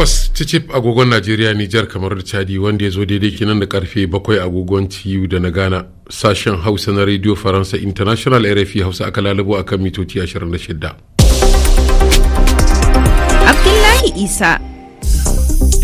takwas cicip agogon najeriya nijar kamar da chadi wanda ya zo daidai kinan da karfe bakwai agogon tiyu da na ghana sashen hausa na radio faransa international rfi hausa aka lalabo a kan mitoci 26 abdullahi isa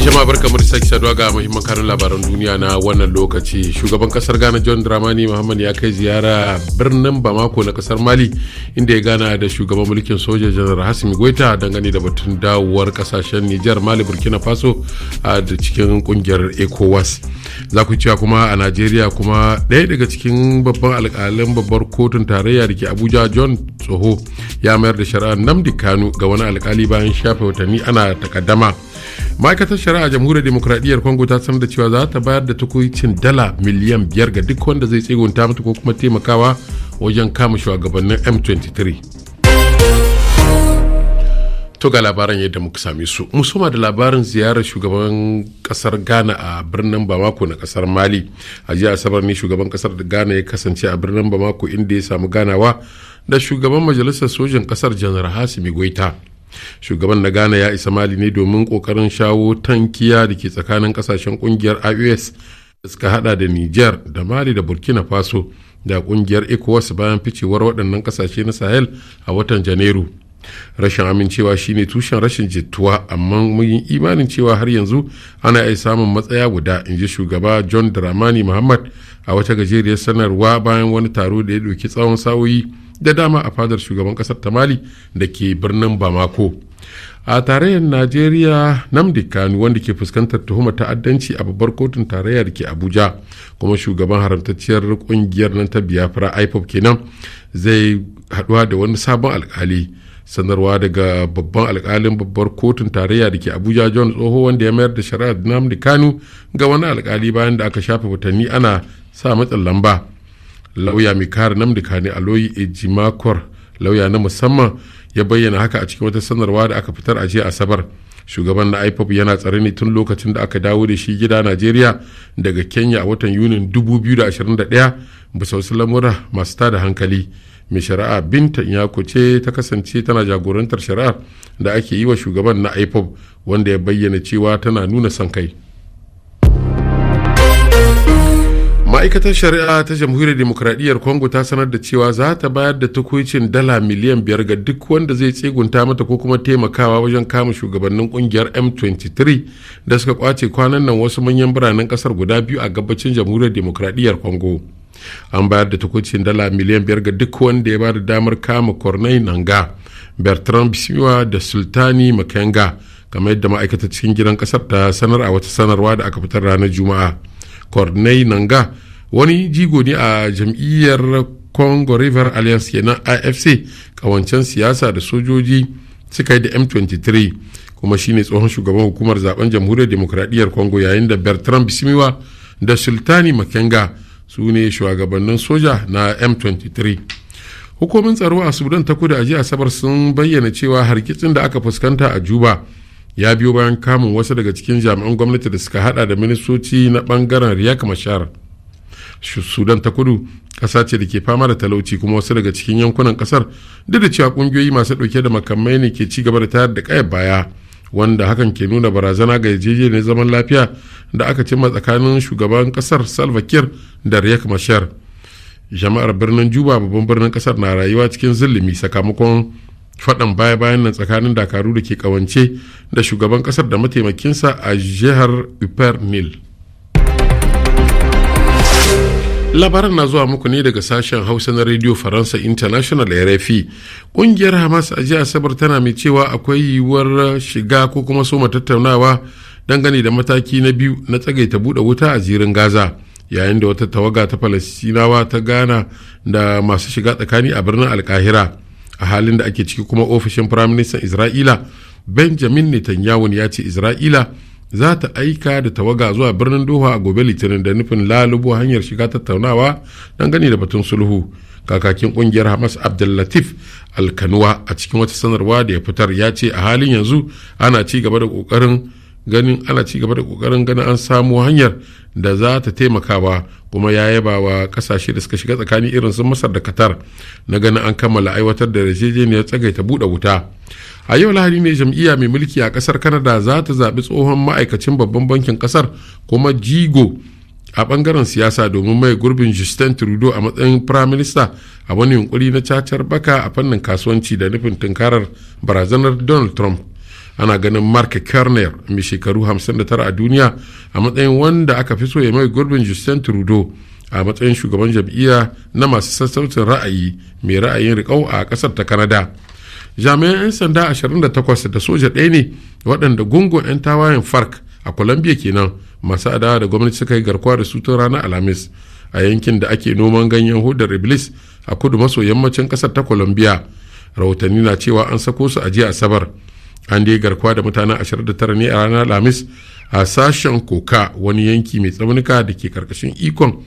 jama'a barkamu da sake saduwa ga muhimman karin labaran duniya na wannan lokaci shugaban kasar ghana john dramani muhammad ya kai ziyara birnin bamako na kasar mali inda ya gana da shugaban mulkin soja janar hasimi goita dangane da batun dawowar kasashen nijar mali burkina faso a da cikin kungiyar ecowas za ku cewa kuma a najeriya kuma ɗaya daga cikin babban alƙalin babbar kotun tarayya da ke abuja john tsoho ya mayar da shari'a namdi kanu ga wani alƙali bayan shafe watanni ana takaddama ma'aikatar shari'a jamhuriyar demokradiyyar congo ta sanar da cewa za ta bayar da tukucin dala miliyan biyar ga duk wanda zai tsegunta mata ko kuma taimakawa wajen kama shugabannin m23 to ga labaran yadda muka same su musamman da labarin ziyarar shugaban kasar ghana a birnin bamako na kasar mali a jiya asabar ne shugaban kasar da ghana ya kasance a birnin bamako inda ya samu ganawa da shugaban majalisar sojin kasar janar hasimi goita shugaban na ghana ya isa mali ne domin kokarin shawo tankiya da ke tsakanin kasashen kungiyar ios da suka hada da niger da mali da burkina faso da kungiyar ecowas bayan ficewar waɗannan kasashe na sahel a watan janairu rashin amincewa shine tushen rashin jituwa amma mun yi imanin cewa har yanzu ana iya samun matsaya guda in ji shugaba john dramani muhammad a wata gajeriyar sanarwa bayan wani taro da ya ɗauki tsawon sa'o'i da dama a fadar shugaban kasar ta mali da ke birnin bamako a tarayyar najeriya namdi kanu wanda ke fuskantar tuhuma ta'addanci a babbar kotun tarayya da ke abuja kuma shugaban haramtacciyar kungiyar nan ta biafra ipop kenan zai haduwa da wani sabon alkali sanarwa daga babban alkalin babbar kotun tarayya da ke abuja john tsoho wanda ya mayar da shari'ar namdi kanu ga wani alkali bayan da aka shafe watanni ana sa matsin lamba lauya mai kare namdi kane aloyi ejimakor lauya na musamman ya bayyana haka a cikin wata sanarwa da aka fitar a jiya asabar shugaban na ipop yana tsare ne tun lokacin da aka dawo da shi gida najeriya daga kenya a watan yunin 2021 bisa wasu lamura masu tada hankali mai shari'a binta yako ce ta kasance tana jagorantar shari'ar da ake yi wa shugaban na ipop wanda ya bayyana cewa tana nuna son kai ma'aikatar shari'a ta jamhuriyar demokradiyyar congo ta sanar da cewa za ta bayar da tukucin dala miliyan biyar ga duk wanda zai tsegunta mata ko kuma taimakawa wajen kama shugabannin kungiyar m23 da suka kwace kwanan nan wasu manyan biranen kasar guda biyu a gabacin jamhuriyar demokradiyyar congo an bayar da tukucin dala miliyan biyar ga duk wanda ya bada damar kama corneille nanga bertrand bisiwa da sultani makenga kamar yadda ma'aikatar cikin gidan kasar ta sanar a wata sanarwa da aka fitar ranar juma'a kornai nanga wani jigo ne a jam'iyyar congo river alliance kenan afc kawancen siyasa da sojoji suka yi da m23 kuma shine tsohon shugaban hukumar zaben jamhuriyar demokradiyyar congo yayin da bertrand bismiwa da sultani makenga su ne shugabannin soja na m23 hukumin tsaro a sudan ta kudu a jiya asabar sun bayyana cewa hargitsin da aka fuskanta a juba ya biyo bayan kamun wasu daga cikin jami'an gwamnati da suka hada da ministoci na bangaren riyak mashar sudan ta kudu ƙasa ce da ke fama da talauci kuma wasu daga cikin yankunan kasar duk da cewa ƙungiyoyi masu ɗauke da makamai ne ke ci gaba da tayar da kaya baya wanda hakan ke nuna barazana ga yarjejeniyar zaman lafiya da aka cimma tsakanin shugaban kasar salva da riek mashar jama'ar birnin juba babban birnin kasar na rayuwa cikin zulumi sakamakon faɗan baya-bayan nan tsakanin dakaru da ke kawance da shugaban kasar da mataimakinsa a jihar upper nil labaran na zuwa muku ne daga sashen hausa na radio faransa international rfi kungiyar hamas a jiya asabar tana mai cewa akwai yiwuwar shiga ko kuma soma tattaunawa dangane da mataki na biyu na tsagaita buɗe wuta a zirin gaza yayin da wata tawaga ta falastinawa ta gana da masu shiga tsakani a birnin alkahira a halin da ake ciki kuma ofishin firaministan isra'ila benjamin netanyahu ya ce isra'ila za ta aika da tawaga zuwa birnin doha a gobe litinin da nufin lalubo hanyar shiga tattaunawa don gani da batun sulhu kakakin kungiyar hamas abdullatif alkanuwa a cikin wata sanarwa da ya fitar ya ce a halin yanzu ana ci gaba da kokarin ganin ana ci gaba da kokarin ganin an samu hanyar da za ta taimakawa kuma ya yaba wa kasashe da suka shiga tsakani irin su masar da katar na ganin an kammala aiwatar da tsagai ta buɗe wuta a yau lahadi ne jam'iyya mai mulki a kasar kanada za ta zaɓi tsohon ma'aikacin babban bankin ƙasar kuma jigo a bangaren siyasa domin mai gurbin justin trudeau a matsayin prime minister a wani yunkuri na cacar baka a fannin kasuwanci da nufin tunkarar barazanar donald trump ana ganin mark kerner mai shekaru 59 a duniya a matsayin wanda aka fi so ya mai gurbin justin trudeau a matsayin shugaban jam'iyya na masu sassautin ra'ayi mai ra'ayin riƙau a ƙasar ta kanada jami'an 'yan sanda 28 da soja ɗaya ne waɗanda gungun 'yan tawayen farc a colombia kenan masu adawa da gwamnati suka yi garkuwa da su tun ranar alhamis a yankin da ake noman ganyen hudar iblis a kudu maso yammacin ƙasar ta colombia rahotanni na cewa an sako su a jiya asabar an dai garkuwa da mutanen 29 ne a ranar lamis a sashen koka wani yanki mai tsaunuka da ke karkashin ikon